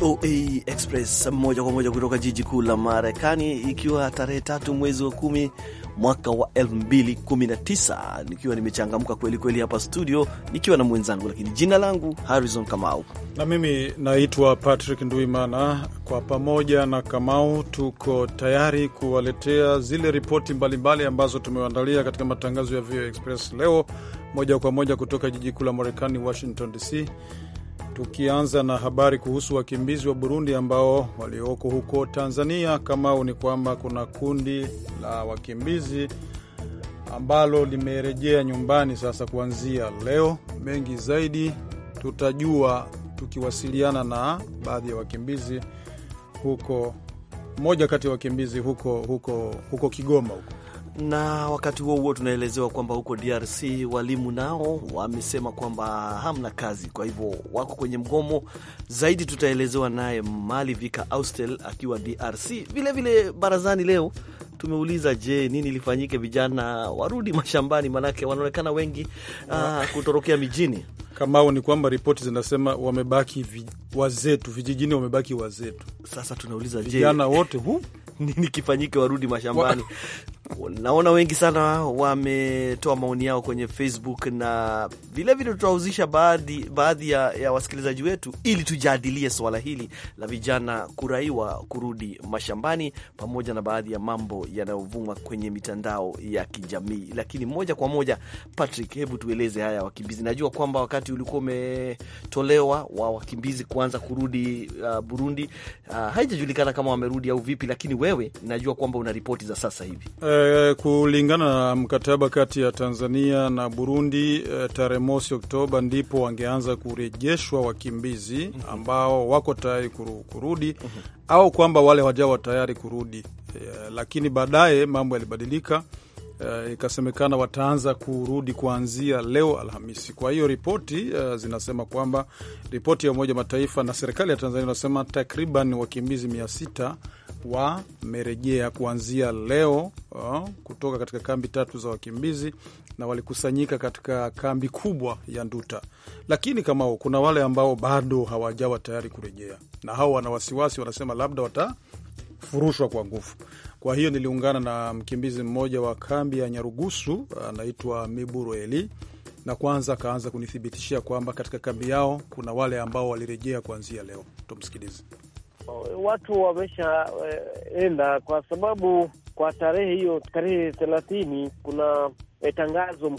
VOA Express moja kwa moja kutoka jiji kuu la Marekani, ikiwa tarehe tatu mwezi wa kumi mwaka wa 2019 nikiwa nimechangamka kweli kweli hapa studio nikiwa na mwenzangu, lakini jina langu Harrison Kamau na mimi naitwa Patrick Nduimana. Kwa pamoja na Kamau tuko tayari kuwaletea zile ripoti mbalimbali ambazo tumeandalia katika matangazo ya VOA Express leo, moja kwa moja kutoka jiji kuu la Marekani, Washington DC. Tukianza na habari kuhusu wakimbizi wa Burundi ambao walioko huko Tanzania, Kamau, ni kwamba kuna kundi la wakimbizi ambalo limerejea nyumbani sasa kuanzia leo. Mengi zaidi tutajua tukiwasiliana na baadhi ya wakimbizi huko, mmoja kati ya wakimbizi huko, huko, huko Kigoma huko na wakati huo huo tunaelezewa kwamba huko DRC walimu nao wamesema kwamba hamna kazi, kwa hivyo wako kwenye mgomo. Zaidi tutaelezewa naye Mali Vika Austel akiwa DRC. Vilevile vile barazani leo tumeuliza, je, nini lifanyike vijana warudi mashambani? Manake wanaonekana wengi aa, ah, kutorokea mijini Kamao ni kwamba ripoti zinasema wamebaki wazetu vijijini, wamebaki wazetu. Sasa tunauliza, vijana wote hu nini kifanyike warudi mashambani? naona wengi sana wametoa maoni yao kwenye Facebook na vilevile tutawahusisha baadhi, baadhi ya, ya wasikilizaji wetu ili tujadilie swala hili la vijana kuraiwa kurudi mashambani pamoja na baadhi ya mambo yanayovuma kwenye mitandao ya kijamii. Lakini moja kwa moja, Patrick, hebu tueleze haya wakimbizi. Najua kwamba wakati ulikuwa umetolewa wa wakimbizi kuanza kurudi uh, Burundi, uh, haijajulikana kama wamerudi au vipi, lakini wewe najua kwamba una ripoti za sasa hivi uh, Eh, kulingana na mkataba kati ya Tanzania na Burundi eh, tarehe mosi Oktoba ndipo wangeanza kurejeshwa wakimbizi ambao wako tayari kuru, kurudi au kwamba wale wajawa tayari kurudi eh, lakini baadaye mambo yalibadilika uh, ikasemekana wataanza kurudi kuanzia leo Alhamisi. Kwa hiyo ripoti uh, zinasema kwamba ripoti ya Umoja Mataifa na serikali ya Tanzania inasema takriban wakimbizi mia sita wamerejea kuanzia leo uh, kutoka katika kambi tatu za wakimbizi na walikusanyika katika kambi kubwa ya Nduta, lakini kamao kuna wale ambao bado hawajawa tayari kurejea, na hao wana wasiwasi, wanasema labda watafurushwa kwa nguvu. Kwa hiyo niliungana na mkimbizi mmoja wa kambi ya Nyarugusu anaitwa Miburu Eli, na kwanza akaanza kunithibitishia kwamba katika kambi yao kuna wale ambao walirejea kuanzia leo. Tumsikilize. Watu wameshaenda eh, kwa sababu kwa tarehe hiyo, tarehe thelathini, kuna eh, tangazo um,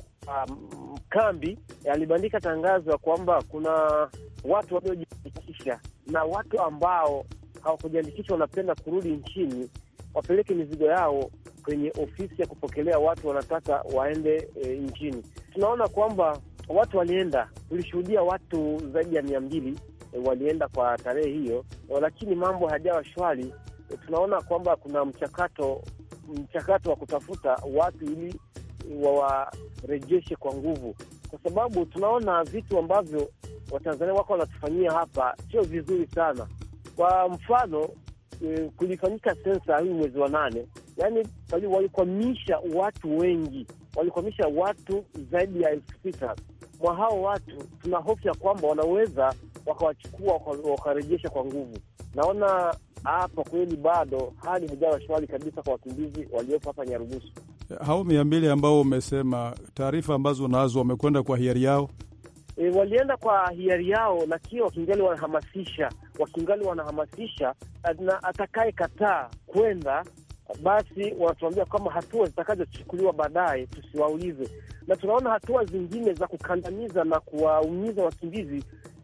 kambi alibandika tangazo ya kwamba kuna watu waliojiandikisha na watu ambao hawakujiandikisha wanapenda kurudi nchini wapeleke mizigo yao kwenye ofisi ya kupokelea watu wanataka waende e, nchini. Tunaona kwamba watu walienda, tulishuhudia watu zaidi ya mia mbili e, walienda kwa tarehe hiyo, lakini mambo hayajawa shwari. E, tunaona kwamba kuna mchakato mchakato wa kutafuta watu ili wawarejeshe kwa nguvu, kwa sababu tunaona vitu ambavyo Watanzania wako wanatufanyia hapa sio vizuri sana. Kwa mfano Eh, kulifanyika sensa hii mwezi wa nane, yani walikwamisha watu wengi, walikwamisha watu zaidi ya elfu sita. Mwa hao watu tuna hofu ya kwamba wanaweza wakawachukua wakarejesha kwa nguvu. Naona hapa kweli bado hali haijawa shwari kabisa kwa wakimbizi waliopo hapa Nyarugusu. Hao mia mbili ambao umesema taarifa ambazo nazo wamekwenda kwa hiari yao E, walienda kwa hiari yao, lakini wakingali wanahamasisha wakingali wanahamasisha, na atakaye kataa kwenda basi wanatuambia kwamba hatua zitakazochukuliwa baadaye tusiwaulize. Na tunaona hatua zingine za kukandamiza na kuwaumiza wakimbizi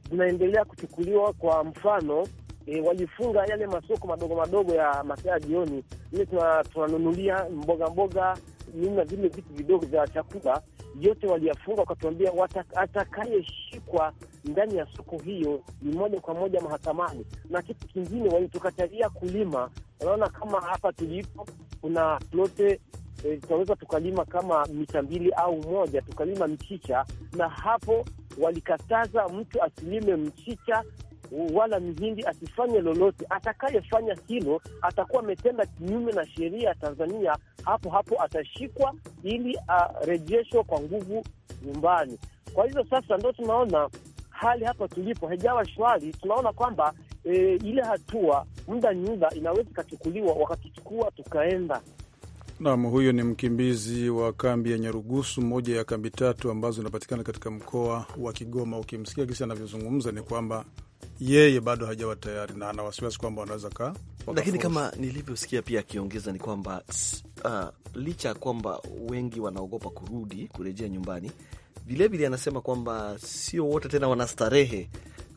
zinaendelea kuchukuliwa. Kwa mfano e, walifunga yale masoko madogo madogo ya masaa jioni, ile tunanunulia mboga mboga nini na vile vitu vidogo vya chakula yote waliyafunga, wakatuambia atakayeshikwa ndani ya soko hiyo ni moja kwa moja mahakamani. Na kitu kingine walitukatalia kulima. Unaona, kama hapa tulipo kuna lote e, eh, tunaweza tukalima kama mita mbili au moja, tukalima mchicha, na hapo walikataza mtu asilime mchicha wala mhindi asifanye lolote. Atakayefanya hilo atakuwa ametenda kinyume na sheria ya Tanzania, hapo hapo atashikwa ili arejeshwe kwa nguvu nyumbani. Kwa hivyo sasa ndo tunaona hali hapa tulipo haijawa shwari. Tunaona kwamba e, ile hatua muda nyumba inaweza ikachukuliwa, wakatuchukua tukaenda Nam, huyo ni mkimbizi wa kambi ya Nyarugusu, moja ya kambi tatu ambazo zinapatikana katika mkoa wa Kigoma. Ukimsikia kisi anavyozungumza ni kwamba yeye bado hajawa tayari na ana wasiwasi kwamba wanaweza ka lakini kama nilivyosikia pia akiongeza ni kwamba uh, licha ya kwamba wengi wanaogopa kurudi kurejea nyumbani vilevile anasema kwamba sio wote tena wanastarehe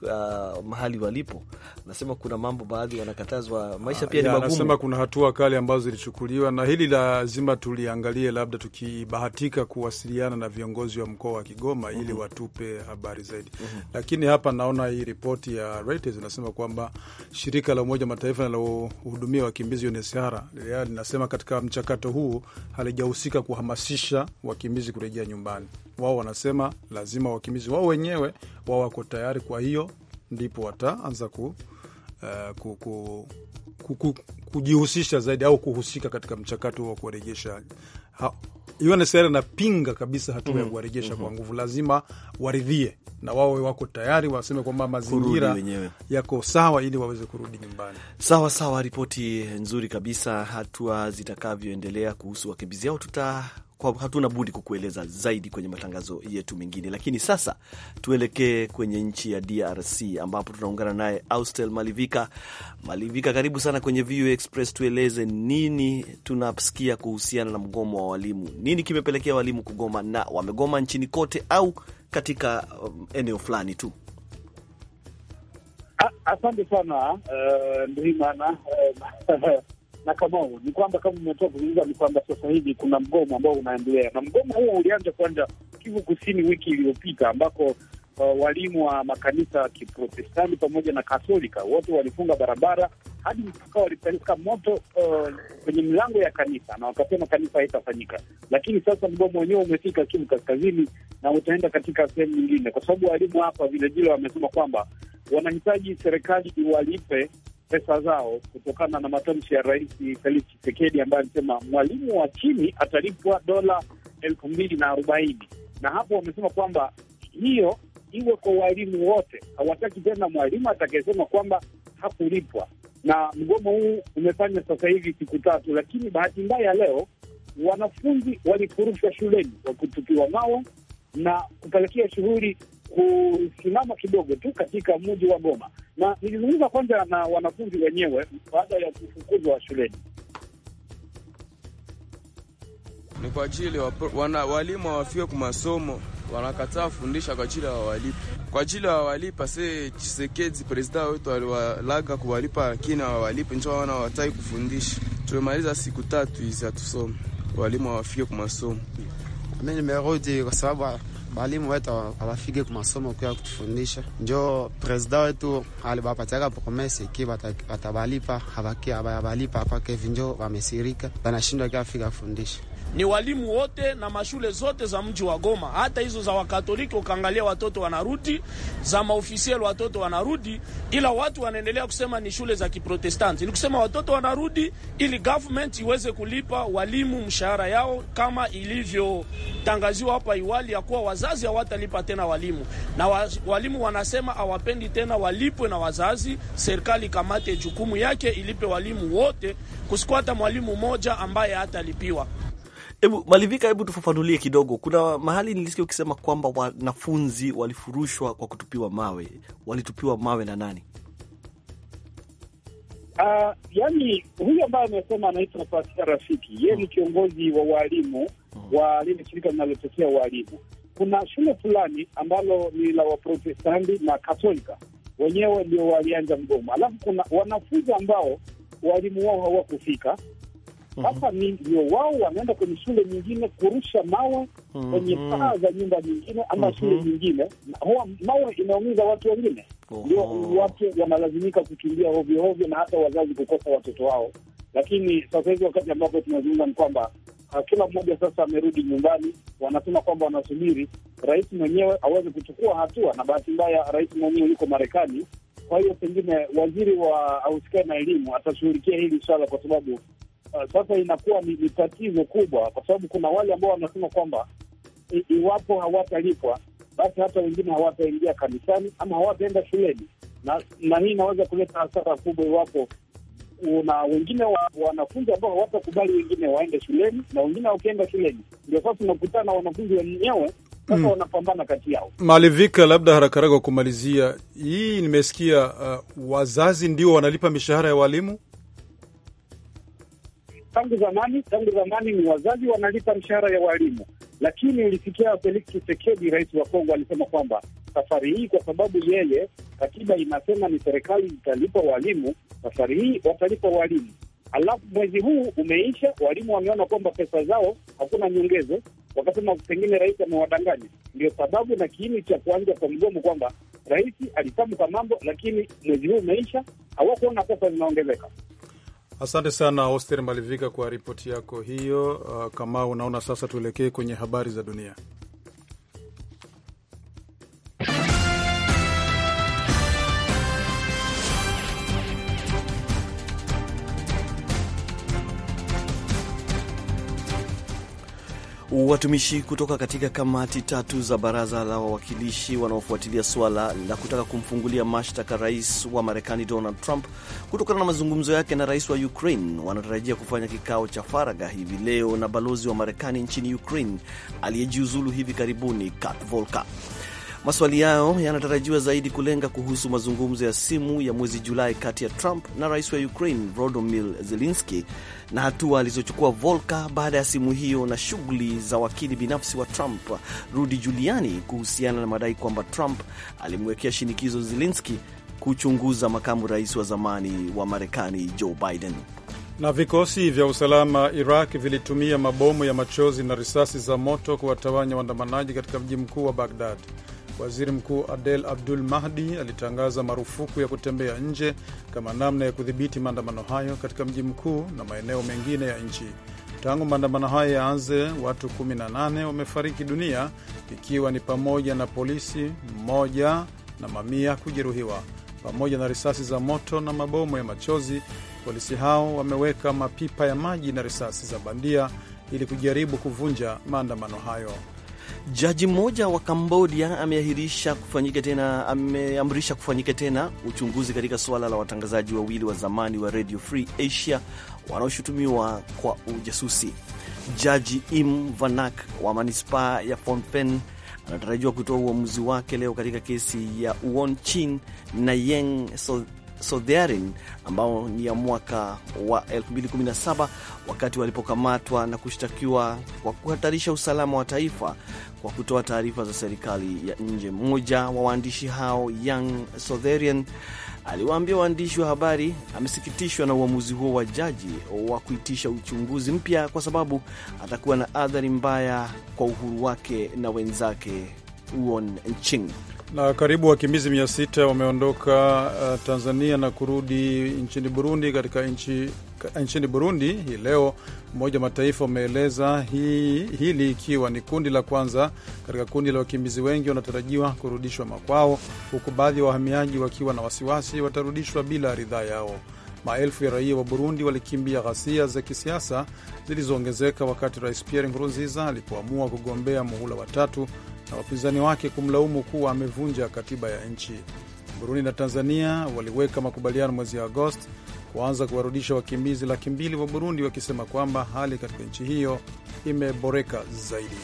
uh, mahali walipo. Nasema kuna mambo baadhi wanakatazwa, maisha pia ni magumu. Nasema kuna hatua kali ambazo zilichukuliwa, na hili lazima tuliangalie, labda tukibahatika kuwasiliana na viongozi wa mkoa wa Kigoma mm -hmm. ili watupe habari zaidi mm -hmm. Lakini hapa naona hii ripoti ya Reuters inasema kwamba shirika la Umoja Mataifa linalohudumia wakimbizi UNHCR linasema katika mchakato huu halijahusika kuhamasisha wakimbizi kurejea nyumbani. Wao wanasema lazima wakimbizi wao wenyewe wao wako tayari, kwa hiyo ndipo wataanza ku, uh, ku, ku, ku, ku, kujihusisha zaidi au kuhusika katika mchakato wa kuwarejesha UNHCR anapinga kabisa hatua ya mm-hmm. kuwarejesha mm -hmm. kwa mm-hmm. nguvu. Lazima waridhie na wawe wako tayari, waseme kwamba mazingira yako sawa ili waweze kurudi nyumbani. Sawa sawa, ripoti nzuri kabisa. Hatua zitakavyoendelea kuhusu wakimbizi hao tuta hatuna budi kukueleza zaidi kwenye matangazo yetu mengine, lakini sasa tuelekee kwenye nchi ya DRC ambapo tunaungana naye Austel Malivika. Malivika, karibu sana kwenye VOA Express. Tueleze nini tunasikia kuhusiana na mgomo wa walimu, nini kimepelekea walimu kugoma, na wamegoma nchini kote au katika um, eneo fulani tu? Asante sana uh, eh, Ndimana eh, na Kamau ni kwamba kama umetoa kuzungumza ni kwamba sasa hivi kuna mgomo ambao unaendelea, na mgomo huo ulianza kwanza Kivu Kusini wiki iliyopita ambako Uh, walimu wa makanisa ya Kiprotestanti pamoja na Katolika wote walifunga barabara hadi mpaka walipeleka moto uh, kwenye milango ya kanisa na wakasema kanisa haitafanyika. Lakini sasa mgomo wenyewe umefika Kivu Kaskazini na utaenda katika sehemu nyingine, kwa sababu walimu hapa vilevile wamesema kwamba wanahitaji serikali iwalipe pesa zao kutokana na matamshi ya Rais Felix chisekedi ambaye alisema mwalimu wa chini atalipwa dola elfu mbili na arobaini na hapo wamesema kwamba hiyo iwe kwa walimu wote. Hawataki tena mwalimu atakayesema kwamba hakulipwa. Na mgomo huu umefanya sasa hivi siku tatu, lakini bahati mbaya leo wanafunzi walifurushwa shuleni, wakitupiwa mawe na kupelekea shughuli kusimama kidogo tu katika mji wa Goma, na nilizungumza kwanza na wanafunzi wenyewe baada ya kufukuzwa shuleni. Ni kwa ajili wana, walimu hawafike kwa masomo, wanakataa fundisha kwa ajili hawawalipa, kwa ajili hawawalipa. Se Chisekedi presida wetu aliwalaga kuwalipa, lakini hawawalipi, njo wana watai kufundisha. Tumemaliza siku tatu hizi hatusome, walimu hawafike kwa masomo. Mimi nimerudi kwa sababu balimu wetu abafike kumasomo kuya kutufundisha, njo presida wetu alibapatiaka promese ki batabalipa abaki abalipa hapa Kevin, njo wamesirika banashindwa kia afika kufundisha ni walimu wote na mashule zote za mji wa Goma, hata hizo za Wakatoliki. Ukaangalia watoto wanarudi, za maofisiali watoto wanarudi, ila watu wanaendelea kusema ni shule za Kiprotestanti. Ni kusema watoto wanarudi ili government iweze kulipa walimu mshahara yao kama ilivyotangaziwa hapa Iwali ya kuwa wazazi hawatalipa tena walimu, na wa, walimu wanasema hawapendi tena walipwe na wazazi. Serikali kamate jukumu yake, ilipe walimu wote, kusikuwa hata mwalimu mmoja ambaye hatalipiwa. Hebu Malivika, hebu tufafanulie kidogo. Kuna mahali nilisikia ukisema kwamba wanafunzi walifurushwa kwa kutupiwa mawe. Walitupiwa mawe na nani? Uh, yani huyu ambaye amesema anaitwa Pascal Rafiki, yeye ni hmm. kiongozi wa waalimu hmm. wa lile shirika linalotetea waalimu. Kuna shule fulani ambalo ni la Waprotestanti na Katolika, wenyewe ndio walianza mgomo, alafu kuna wanafunzi ambao waalimu wao hawakufika Mhm. Sasa ndio wao wanaenda kwenye shule nyingine kurusha mawe kwenye mhm. paa za nyumba nyingine ama mhm. shule nyingine. Huwa mawe inaumiza watu wengine, ndio watu wanalazimika kukimbia hovyohovyo na hata wazazi kukosa watoto wao. Lakini sasa hivi wakati ambapo tunazungumza ni kwamba ah, kila mmoja sasa amerudi nyumbani. Wanasema kwamba wanasubiri rais mwenyewe aweze kuchukua hatua, na bahati mbaya rais mwenyewe yuko Marekani. Kwa hiyo pengine waziri wa ausikai na elimu atashughulikia hili swala, kwa sababu uh, sasa inakuwa ni tatizo kubwa, kwa sababu kuna wale ambao wanasema kwamba iwapo hawatalipwa basi hata wengine hawataingia kanisani ama hawataenda shuleni, na, na hii inaweza kuleta hasara kubwa iwapo una wengine wa, wanafunzi ambao hawatakubali wengine waende shuleni na wengine wakienda shuleni, ndio sasa unakutana na wanafunzi wenyewe sasa mm, wanapambana kati yao. Malivika, labda haraka haraka kumalizia hii, nimesikia uh, wazazi ndio wanalipa mishahara ya walimu tangu zamani, tangu zamani ni wazazi wanalipa mshahara ya walimu, lakini ilifikia Felix Tshisekedi, rais wa Kongo, alisema kwamba safari hii, kwa sababu yeye katiba inasema ni serikali italipa walimu, safari hii watalipa walimu. Alafu mwezi huu umeisha, walimu wameona kwamba pesa zao hakuna nyongezo, wakasema pengine rais amewadanganya. Ndio sababu na kiini cha kuanza kwa mgomo kwamba rais alitamka mambo, lakini mwezi huu umeisha, hawakuona pesa zinaongezeka. Asante sana Oster Malivika kwa ripoti yako hiyo. Uh, kama unaona, sasa tuelekee kwenye habari za dunia. Watumishi kutoka katika kamati tatu za baraza la wawakilishi wanaofuatilia suala la kutaka kumfungulia mashtaka rais wa Marekani Donald Trump kutokana na mazungumzo yake na rais wa Ukraine wanatarajia kufanya kikao cha faragha hivi leo na balozi wa Marekani nchini Ukraine aliyejiuzulu hivi karibuni Kurt Volker. Maswali yao yanatarajiwa zaidi kulenga kuhusu mazungumzo ya simu ya mwezi Julai kati ya Trump na rais wa Ukraine Volodymyr Zelensky na hatua alizochukua Volka baada ya simu hiyo na shughuli za wakili binafsi wa Trump Rudy Giuliani kuhusiana na madai kwamba Trump alimwekea shinikizo Zelensky kuchunguza makamu rais wa zamani wa Marekani Joe Biden. Na vikosi vya usalama Iraq vilitumia mabomu ya machozi na risasi za moto kuwatawanya waandamanaji katika mji mkuu wa Bagdad. Waziri Mkuu Adel Abdul Mahdi alitangaza marufuku ya kutembea nje kama namna ya kudhibiti maandamano hayo katika mji mkuu na maeneo mengine ya nchi. Tangu maandamano hayo yaanze, watu 18 wamefariki dunia ikiwa ni pamoja na polisi mmoja na mamia kujeruhiwa, pamoja na risasi za moto na mabomu ya machozi. Polisi hao wameweka mapipa ya maji na risasi za bandia ili kujaribu kuvunja maandamano hayo. Jaji mmoja wa Kambodia ameahirisha kufanyika tena, ameamrisha kufanyika tena uchunguzi katika suala la watangazaji wawili wa zamani wa Radio Free Asia wanaoshutumiwa kwa ujasusi. Jaji Im Vanak wa manispaa ya Phnom anatarajiwa kutoa uamuzi wake leo katika kesi ya Won Chin na Yeng Sotherin ambao ni ya mwaka wa 2017 wakati walipokamatwa na kushtakiwa kwa kuhatarisha usalama wa taifa kwa kutoa taarifa za serikali ya nje. Mmoja wa waandishi hao Young Sotherian aliwaambia waandishi wa habari amesikitishwa na uamuzi huo wa jaji wa kuitisha uchunguzi mpya kwa sababu atakuwa na athari mbaya kwa uhuru wake na wenzake Uon na karibu wakimbizi mia sita wameondoka uh, Tanzania na kurudi nchini Burundi. Katika nchi, nchini Burundi hii leo Umoja wa Mataifa umeeleza hili ikiwa ni kundi la kwanza katika kundi la wakimbizi wengi wanatarajiwa kurudishwa makwao, huku baadhi ya wa wahamiaji wakiwa na wasiwasi watarudishwa bila ridhaa yao. Maelfu ya raia wa Burundi walikimbia ghasia za kisiasa zilizoongezeka wakati Rais Pierre Nkurunziza alipoamua kugombea muhula watatu na wapinzani wake kumlaumu kuwa amevunja katiba ya nchi. Burundi na Tanzania waliweka makubaliano mwezi Agosti kuanza kuwarudisha wakimbizi laki mbili wa Burundi, wakisema kwamba hali katika nchi hiyo imeboreka zaidi.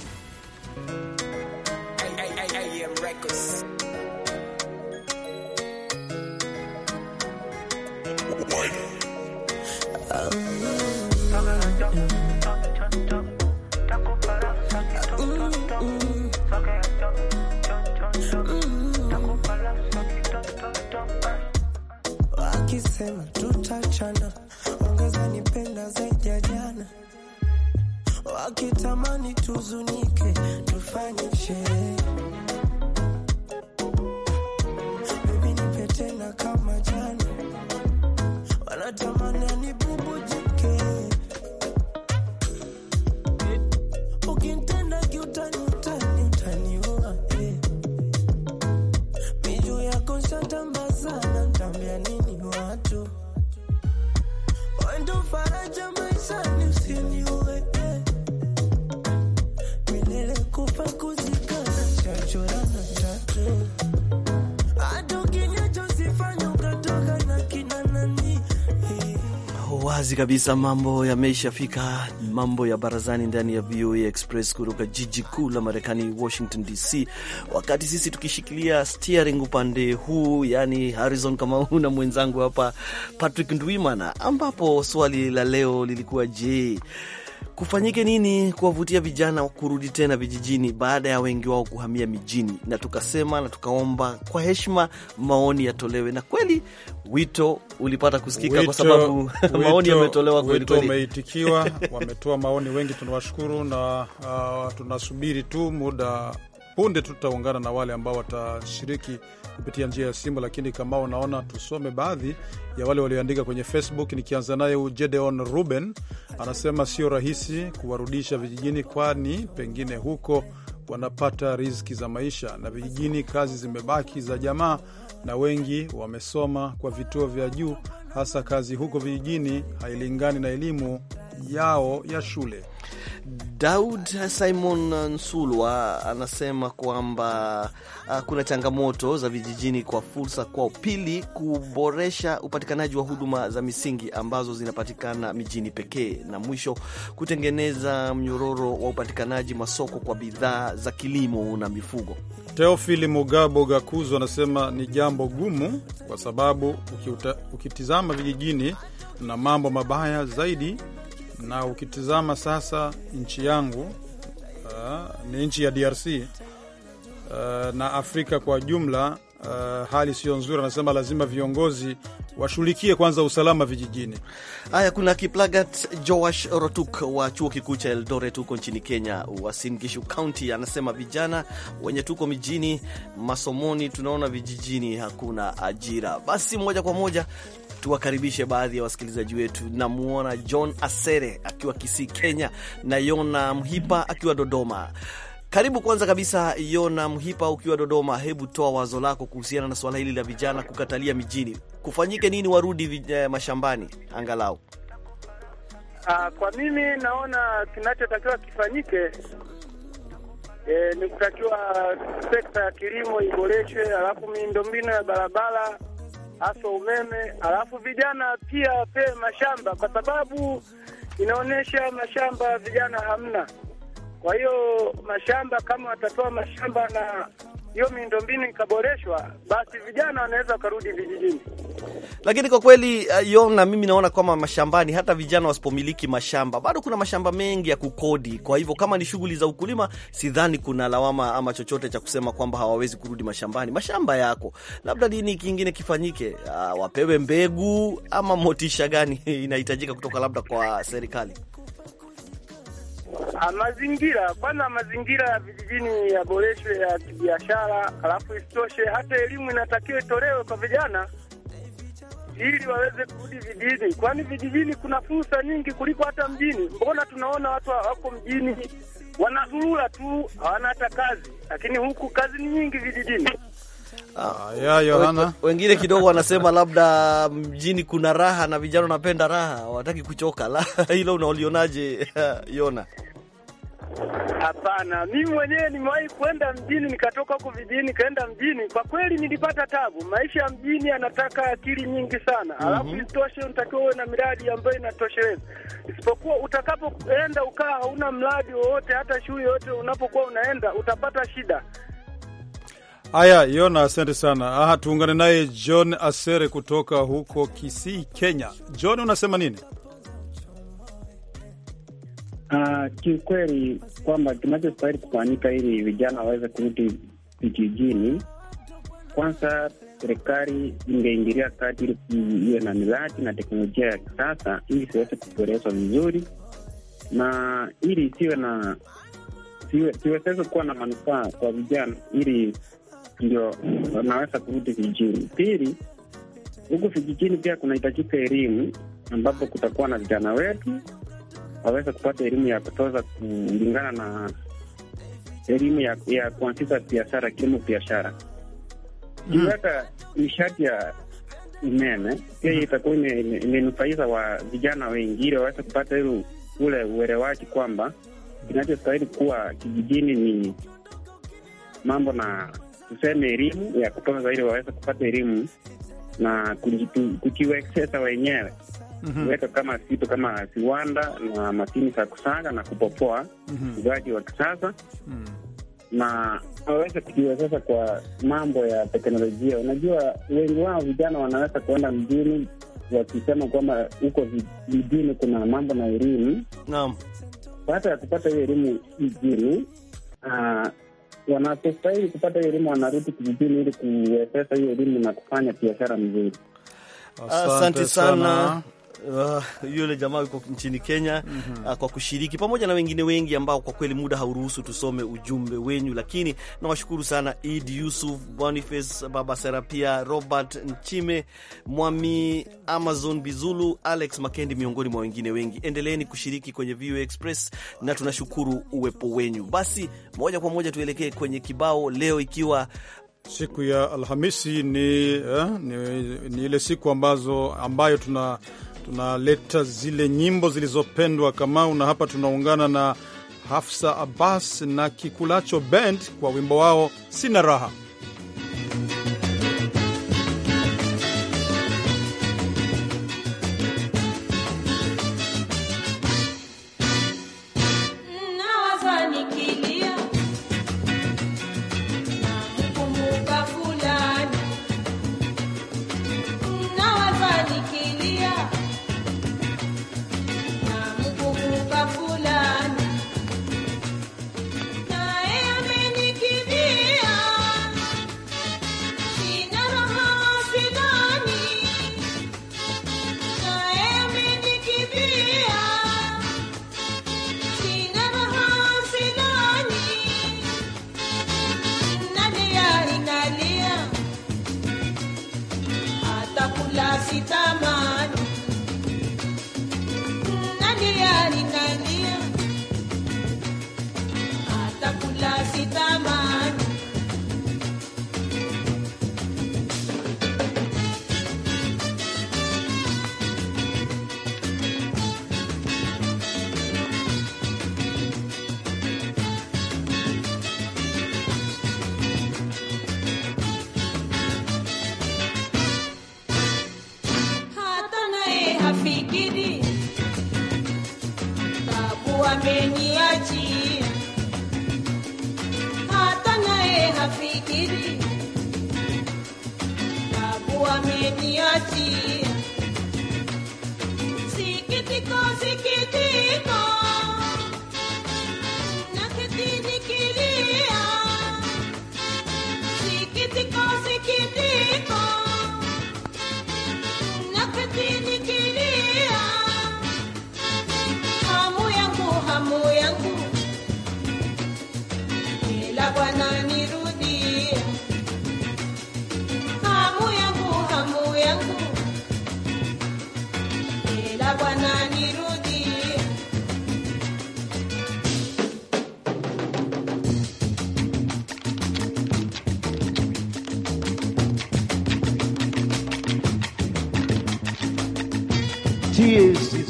Sema tutachana, ongeza nipenda zaidi ya jana, wakitamani tuzunike, tufanye sherehe watu, wendo faraja maisha ni usiniuwe wazi kabisa, mambo yameshafika mambo ya barazani ndani ya VOA Express kutoka jiji kuu la Marekani, Washington DC, wakati sisi tukishikilia steering upande huu, yani Harrison Kamau na mwenzangu hapa Patrick Ndwimana, ambapo swali la leo lilikuwa je, Kufanyike nini kuwavutia vijana kurudi tena vijijini baada ya wengi wao kuhamia mijini? Na tukasema na tukaomba kwa heshima maoni yatolewe, na kweli wito ulipata kusikika wito, kwa sababu wito, maoni yametolewa kweli kweli, umeitikiwa wametoa maoni wengi, tunawashukuru na uh, tunasubiri tu muda punde tutaungana na wale ambao watashiriki kupitia njia ya simu, lakini kama unaona, tusome baadhi ya wale walioandika kwenye Facebook, nikianza naye Gedeon Ruben anasema sio rahisi kuwarudisha vijijini, kwani pengine huko wanapata riziki za maisha, na vijijini kazi zimebaki za jamaa, na wengi wamesoma kwa vituo vya juu. Hasa kazi huko vijijini hailingani na elimu yao ya shule. Daud Simon Nsulwa anasema kwamba uh, kuna changamoto za vijijini kwa fursa kwao. Pili, kuboresha upatikanaji wa huduma za misingi ambazo zinapatikana mijini pekee, na mwisho, kutengeneza mnyororo wa upatikanaji masoko kwa bidhaa za kilimo na mifugo. Teofili Mugabo Gakuzo anasema ni jambo gumu kwa sababu ukiuta, ukitizama vijijini na mambo mabaya zaidi na ukitizama sasa nchi yangu uh, ni nchi ya DRC uh, na Afrika kwa jumla Uh, hali siyo nzuri, anasema lazima viongozi washughulikie kwanza usalama vijijini. Haya, kuna Kiplagat Joash Rotuk wa chuo kikuu cha Eldoret huko nchini Kenya, Singishu County, anasema vijana wenye tuko mijini masomoni, tunaona vijijini hakuna ajira. Basi moja kwa moja tuwakaribishe baadhi ya wasikilizaji wetu. Namwona John Asere akiwa Kisii, Kenya, na Yona Mhipa akiwa Dodoma. Karibu kwanza kabisa, Yona Mhipa ukiwa Dodoma, hebu toa wazo lako kuhusiana na suala hili la vijana kukatalia mijini. Kufanyike nini warudi eh, mashambani angalau? Uh, kwa mimi naona kinachotakiwa kifanyike e, ni kutakiwa sekta ya kilimo iboreshwe, alafu miundombinu ya barabara hasa umeme, alafu vijana pia wapewe mashamba, kwa sababu inaonyesha mashamba vijana hamna. Kwa hiyo mashamba, kama watatoa mashamba na hiyo miundombinu ikaboreshwa, basi vijana wanaweza wakarudi vijijini. Lakini kwa kweli uh, Yona, mimi naona kwamba mashambani, hata vijana wasipomiliki mashamba, bado kuna mashamba mengi ya kukodi. Kwa hivyo kama ni shughuli za ukulima, sidhani kuna lawama ama chochote cha kusema kwamba hawawezi kurudi mashambani. Mashamba yako, labda nini kingine kifanyike? Uh, wapewe mbegu ama motisha gani inahitajika kutoka labda kwa serikali? Ah, mazingira kwanza, mazingira ya vijijini yaboreshwe ya kibiashara, alafu isitoshe hata elimu inatakiwa itolewe kwa vijana ili waweze kurudi vijijini, kwani vijijini kuna fursa nyingi kuliko hata mjini. Mbona tunaona watu wako mjini wanazurura tu, hawana hata kazi, lakini huku kazi ni nyingi vijijini ya, Yohana wengine kidogo wanasema labda mjini kuna raha na vijana wanapenda raha, hawataki kuchoka hilo unaolionaje Yona? Hapana, mimi mwenyewe nimewahi kwenda mjini, nikatoka huko vijijini nikaenda mjini. Kwa kweli nilipata tabu. Maisha ya mjini yanataka akili nyingi sana, mhm. alafu mm -hmm. Isitoshe unatakiwa uwe na miradi ambayo inatosheleza, isipokuwa utakapoenda ukaa hauna mradi wowote, hata shule yoyote unapokuwa unaenda utapata shida. Haya, Yona, asante sana. Aha, tuungane naye John Asere kutoka huko Kisii, Kenya. John, unasema nini? Uh, kiukweli kwamba kinachostahili kufanyika ili vijana waweze kurudi vijijini, kwanza serikali ingeingilia kati ili iwe na miradi na teknolojia ya kisasa ili siweze kuboreshwa vizuri na ili isiwe na siwezeze kuwa na manufaa kwa vijana ili ndio wanaweza kurudi vijijini. Pili, huku vijijini pia kunahitajika elimu, ambapo kutakuwa na vijana wetu waweze kupata elimu ya kutosha kulingana na elimu ya, ya kuanzisha biashara, kilimo biashara. Kiweka hmm. nishati ya umeme pia hmm. itakuwa imenufaisha wa vijana wengi, ili waweze kupata ile ule uelewaji kwamba kinachostahili kuwa kijijini ni mambo na tuseme elimu ya kutosha, zaidi waweze kupata elimu na kujiwekeza wenyewe mm -hmm. weka kama vitu kama viwanda na matini za kusaga na kupopoa mhm. ugaji mm -hmm. wa kisasa mm -hmm. na waweze kujiwezesha kwa mambo ya teknolojia. Unajua, wengi wao vijana wanaweza kuenda mjini wakisema kwamba huko vijini kuna mambo na elimu naam, baada ya kupata hiyo elimu mjini ah, wanapostahili kupata hiyo elimu wanarudi kijijini ili kuwezesha hiyo elimu na kufanya biashara mzuri. Asante sana uh, yule jamaa yuko nchini Kenya mm -hmm. uh, kwa kushiriki pamoja na wengine wengi ambao kwa kweli muda hauruhusu tusome ujumbe wenyu, lakini nawashukuru sana Id Yusuf, Boniface Baba Serapia, Robert Nchime, Mwami Amazon Bizulu, Alex Makendi, miongoni mwa wengine wengi. Endeleeni kushiriki kwenye VOA Express na tunashukuru uwepo wenyu. Basi moja kwa moja tuelekee kwenye kibao leo, ikiwa siku ya Alhamisi ni, eh, ni, ni ile siku ambazo ambayo tuna tunaleta zile nyimbo zilizopendwa Kamau, na hapa tunaungana na Hafsa Abbas na Kikulacho Band kwa wimbo wao sina raha.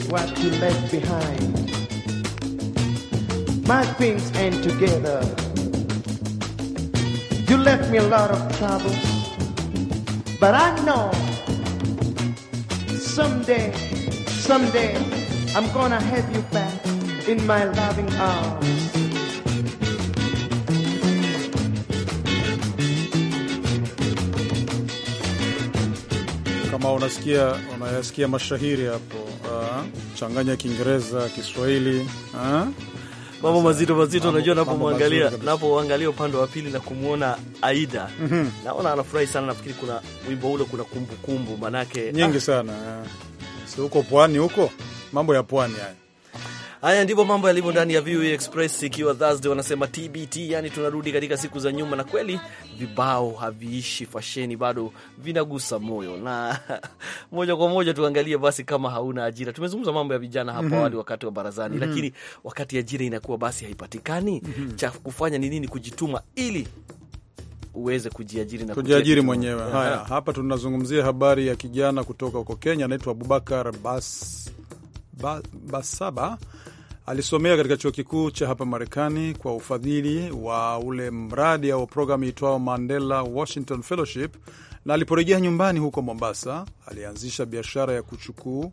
what you left behind. My things ain't together. You left me a lot of troubles, but I know someday, someday, I'm gonna have you back in my loving arms. Kama unasikia, unayasikia mashahiri hapo kuchanganya Kiingereza, Kiswahili, mambo mazito mazito. Unajua, napomwangalia napoangalia upande wa pili na kumwona Aida mm -hmm. naona anafurahi sana. Nafikiri kuna wimbo ule, kuna kumbukumbu manake nyingi ah. sana si huko pwani, huko mambo ya pwani haya Haya ndipo mambo yalivyo ndani ya VOA Express, ikiwa Thursday wanasema TBT, yani tunarudi katika siku za nyuma, na kweli vibao haviishi, fasheni bado vinagusa moyo. Na moja kwa moja tuangalie basi, kama hauna ajira, tumezungumza mambo ya vijana hapo mhm. awali mm -hmm. wakati wa barazani mm -hmm. lakini wakati ajira inakuwa basi haipatikani mm -hmm. cha kufanya ni nini? Kujituma ili uweze kujiajiri na kujiajiri mwenyewe. Haya, hapa tunazungumzia habari ya kijana kutoka huko Kenya, anaitwa Abubakar Bas, Bas, Basaba Alisomea katika chuo kikuu cha hapa Marekani kwa ufadhili wa ule mradi au programu itwao Mandela Washington Fellowship, na aliporejea nyumbani huko Mombasa, alianzisha biashara ya kuchukuu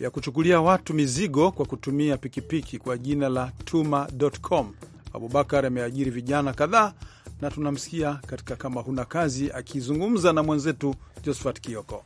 ya kuchukulia watu mizigo kwa kutumia pikipiki kwa jina la tuma.com. Abubakar ameajiri vijana kadhaa na tunamsikia katika kama huna kazi akizungumza na mwenzetu Josephat Kioko.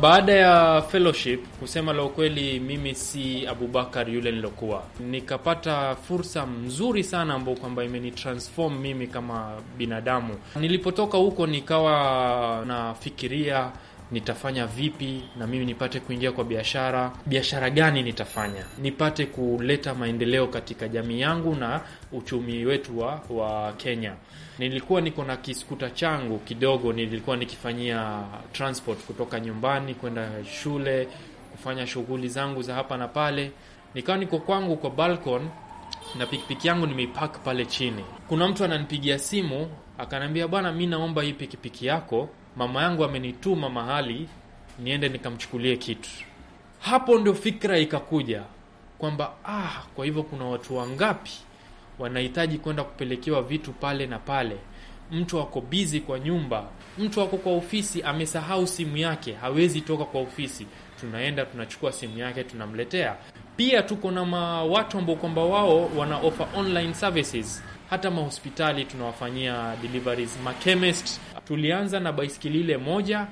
Baada ya fellowship, kusema la ukweli, mimi si Abubakar yule nilokuwa. Nikapata fursa mzuri sana ambao kwamba imenitransform mimi kama binadamu. Nilipotoka huko, nikawa nafikiria nitafanya vipi na mimi nipate kuingia kwa biashara, biashara gani nitafanya nipate kuleta maendeleo katika jamii yangu na uchumi wetu wa, wa Kenya. Nilikuwa niko na kiskuta changu kidogo, nilikuwa nikifanyia transport kutoka nyumbani kwenda shule kufanya shughuli zangu za hapa na pale. Nikawa niko kwangu kwa balkon na pikipiki yangu nimeipak pale chini. Kuna mtu ananipigia simu akaniambia, bwana, mi naomba hii pikipiki yako mama yangu amenituma mahali niende nikamchukulie kitu. Hapo ndio fikra ikakuja kwamba ah, kwa hivyo kuna watu wangapi wanahitaji kwenda kupelekewa vitu pale na pale. Mtu ako bizi kwa nyumba, mtu ako kwa ofisi, amesahau simu yake, hawezi toka kwa ofisi. Tunaenda tunachukua simu yake tunamletea. Pia tuko na watu ambao kwamba wao wana offer online services, hata mahospitali tunawafanyia deliveries, ma Tulianza na baisikeli ile moja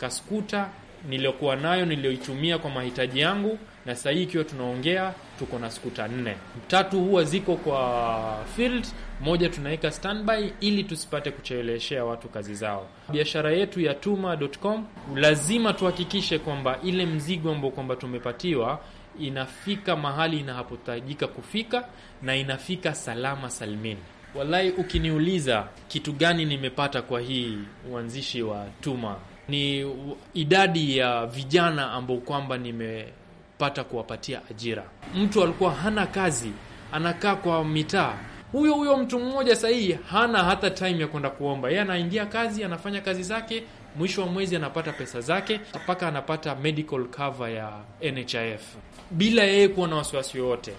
kaskuta niliyokuwa nayo niliyoitumia kwa mahitaji yangu, na sasa hii ikiwa tunaongea tuko na skuta nne, tatu huwa ziko kwa field moja, tunaweka standby ili tusipate kucheleweshea watu kazi zao. Biashara yetu ya tuma.com lazima tuhakikishe kwamba ile mzigo ambao kwamba tumepatiwa inafika mahali inahapotajika kufika na inafika salama salimini. Wallahi, ukiniuliza kitu gani nimepata kwa hii uanzishi wa Tuma ni idadi ya vijana ambao kwamba nimepata kuwapatia ajira. Mtu alikuwa hana kazi, anakaa kwa mitaa huyo huyo mtu mmoja sahihi hana hata time ya kwenda kuomba, yeye anaingia kazi, anafanya kazi zake, mwisho wa mwezi anapata pesa zake, mpaka anapata medical cover ya NHIF bila yeye kuwa na wasiwasi wowote.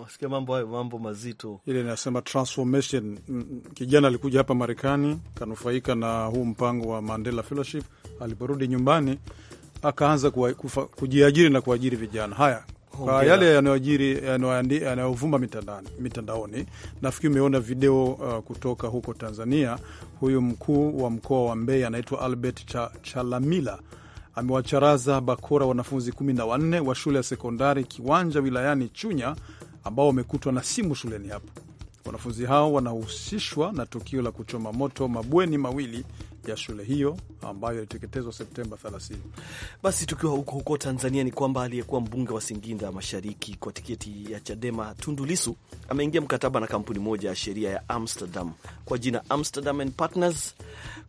Wasikia mambo hayo, mambo mazito. Ile inasema transformation. Mm, mm, kijana alikuja hapa Marekani, kanufaika na huu mpango wa Mandela Fellowship. Aliporudi nyumbani, akaanza kujiajiri na kuajiri vijana. Haya, kwa okay, yale yanayoajiri yanayovuma mitandaoni, mitandaoni nafikiri umeona video uh, kutoka huko Tanzania. Huyu mkuu wa mkoa wa Mbeya anaitwa Albert Cha, Chalamila amewacharaza bakora wanafunzi kumi na wanne wa shule ya sekondari Kiwanja wilayani Chunya ambao wamekutwa na simu shuleni hapo. Wanafunzi hao wanahusishwa na tukio la kuchoma moto mabweni mawili ya shule hiyo ambayo iliteketezwa Septemba 30. Basi tukiwa huko huko Tanzania ni kwamba aliyekuwa mbunge wa Singinda Mashariki kwa tiketi ya Chadema Tundu Lisu ameingia mkataba na kampuni moja ya sheria ya Amsterdam kwa jina Amsterdam and Partners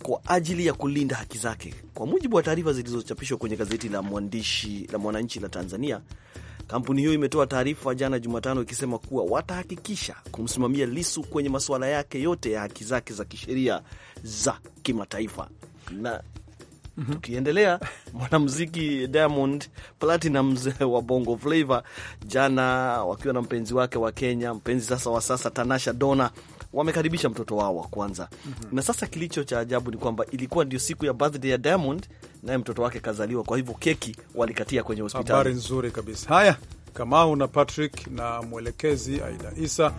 kwa ajili ya kulinda haki zake, kwa mujibu wa taarifa zilizochapishwa kwenye gazeti la mwandishi la Mwananchi la Tanzania. Kampuni hiyo imetoa taarifa jana Jumatano ikisema kuwa watahakikisha kumsimamia Lisu kwenye masuala yake yote ya haki zake za kisheria za kimataifa na Mm -hmm. Tukiendelea, mwanamuziki Diamond Platinumz wa Bongo Flava jana wakiwa na mpenzi wake wa Kenya, mpenzi sasa wa sasa Tanasha dona wamekaribisha mtoto wao wa kwanza mm -hmm. Na sasa kilicho cha ajabu ni kwamba ilikuwa ndio siku ya birthday ya Diamond, naye mtoto wake kazaliwa, kwa hivyo keki walikatia kwenye hospitali. Habari nzuri kabisa. Haya, Kamau na Patrick na mwelekezi Aida Isa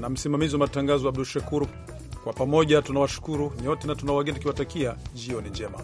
na msimamizi wa matangazo Abdul Shakuru, kwa pamoja tunawashukuru nyote na tunawageni tukiwatakia jioni njema.